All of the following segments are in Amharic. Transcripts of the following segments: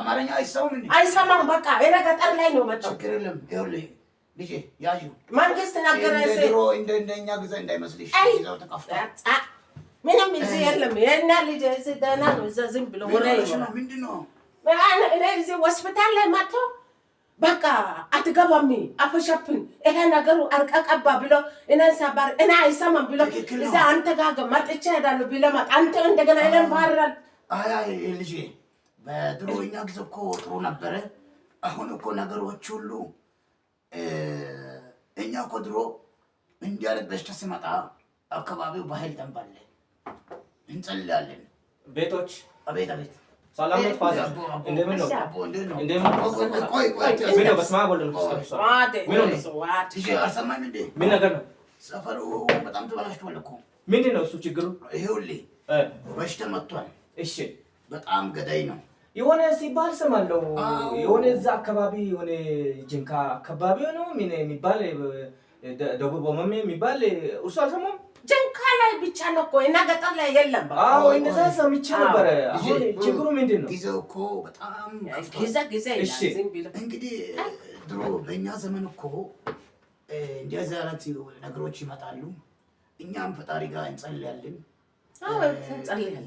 አማርኛ አይሰማም አይሰማም። በቃ ገጠር ላይ ነው መጣሁ። ችግር የለም ይኸውልህ ልጄ ያዩ መንግስት ነገር ድሮ እንደኛ ጊዜ እንዳይመስልሽ ይዘው ምንም እዚህ የለም። ልጅ እዚህ ደህና ነው። እዛ ዝም ብሎ ወሬ ምንድን ነው? እዚህ ሆስፒታል ላይ መጥቶ በቃ አትገባም ይሄ ነገሩ አርቀቀባ ብሎ እኔን እኔ አይሰማም ብሎ እዛ አንተ ጋር መጥቼ እሄዳለሁ ብሎ መጣ። አንተ እንደገና ባህራል ልጄ በድሮኛ ጊዜ እኮ ጥሩ ነበረ። አሁን እኮ ነገሮች ሁሉ እኛ እኮ ድሮ እንዲህ በሽታ ሲመጣ አካባቢው ባህል ደንብ አለ፣ እንጸልያለን። ቤቶች አቤት አቤት ነው። ነው? ነው? ነው? ነው? ሰፈሩ በጣም ተበላሽቷል እኮ። ምንድን ነው እሱ ችግሩ? ይኸውልህ በሽታ መጥቷል። እሺ፣ በጣም ገዳይ ነው። የሆነ ሲባል ስማለሁ የሆነ እዛ አካባቢ የሆነ ጅንካ አካባቢ ነው የሚባል ደቡብ ኦሞሜ የሚባል እርሱ አልሰማም። ጅንካ ላይ ብቻ ነው እኮ እና ገጠር ላይ የለም። አዎ እንደዛ ሰምቼ ነበረ። አሁን ችግሩ ምንድን ነው? ጊዜው እኮ በጣም ጊዜ ጊዜ እንግዲህ ድሮ በእኛ ዘመን እኮ እንደዚህ አይነት ነገሮች ይመጣሉ። እኛም ፈጣሪ ጋር እንጸልያለን እንጸልያለን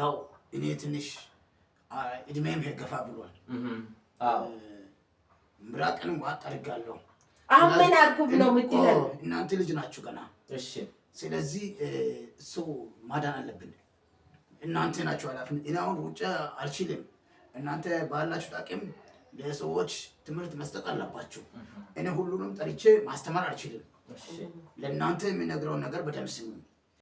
ያው እኔ ትንሽ እድሜም ገፋ ብሏል። ምራቅን ዋጥ አድርጋለሁ። አምን አርጉብ ነው የምትለው። እናንተ ልጅ ናችሁ ገና። ስለዚህ እሱ ማዳን አለብን። እናንተ ናችሁ ኃላፊነት። እኔ አሁን ውጭ አልችልም። እናንተ ባላችሁ ጣቅም ለሰዎች ትምህርት መስጠት አለባችሁ። እኔ ሁሉንም ጠርቼ ማስተማር አልችልም። ለእናንተ የሚነግረውን ነገር በደምብ ስሙኝ።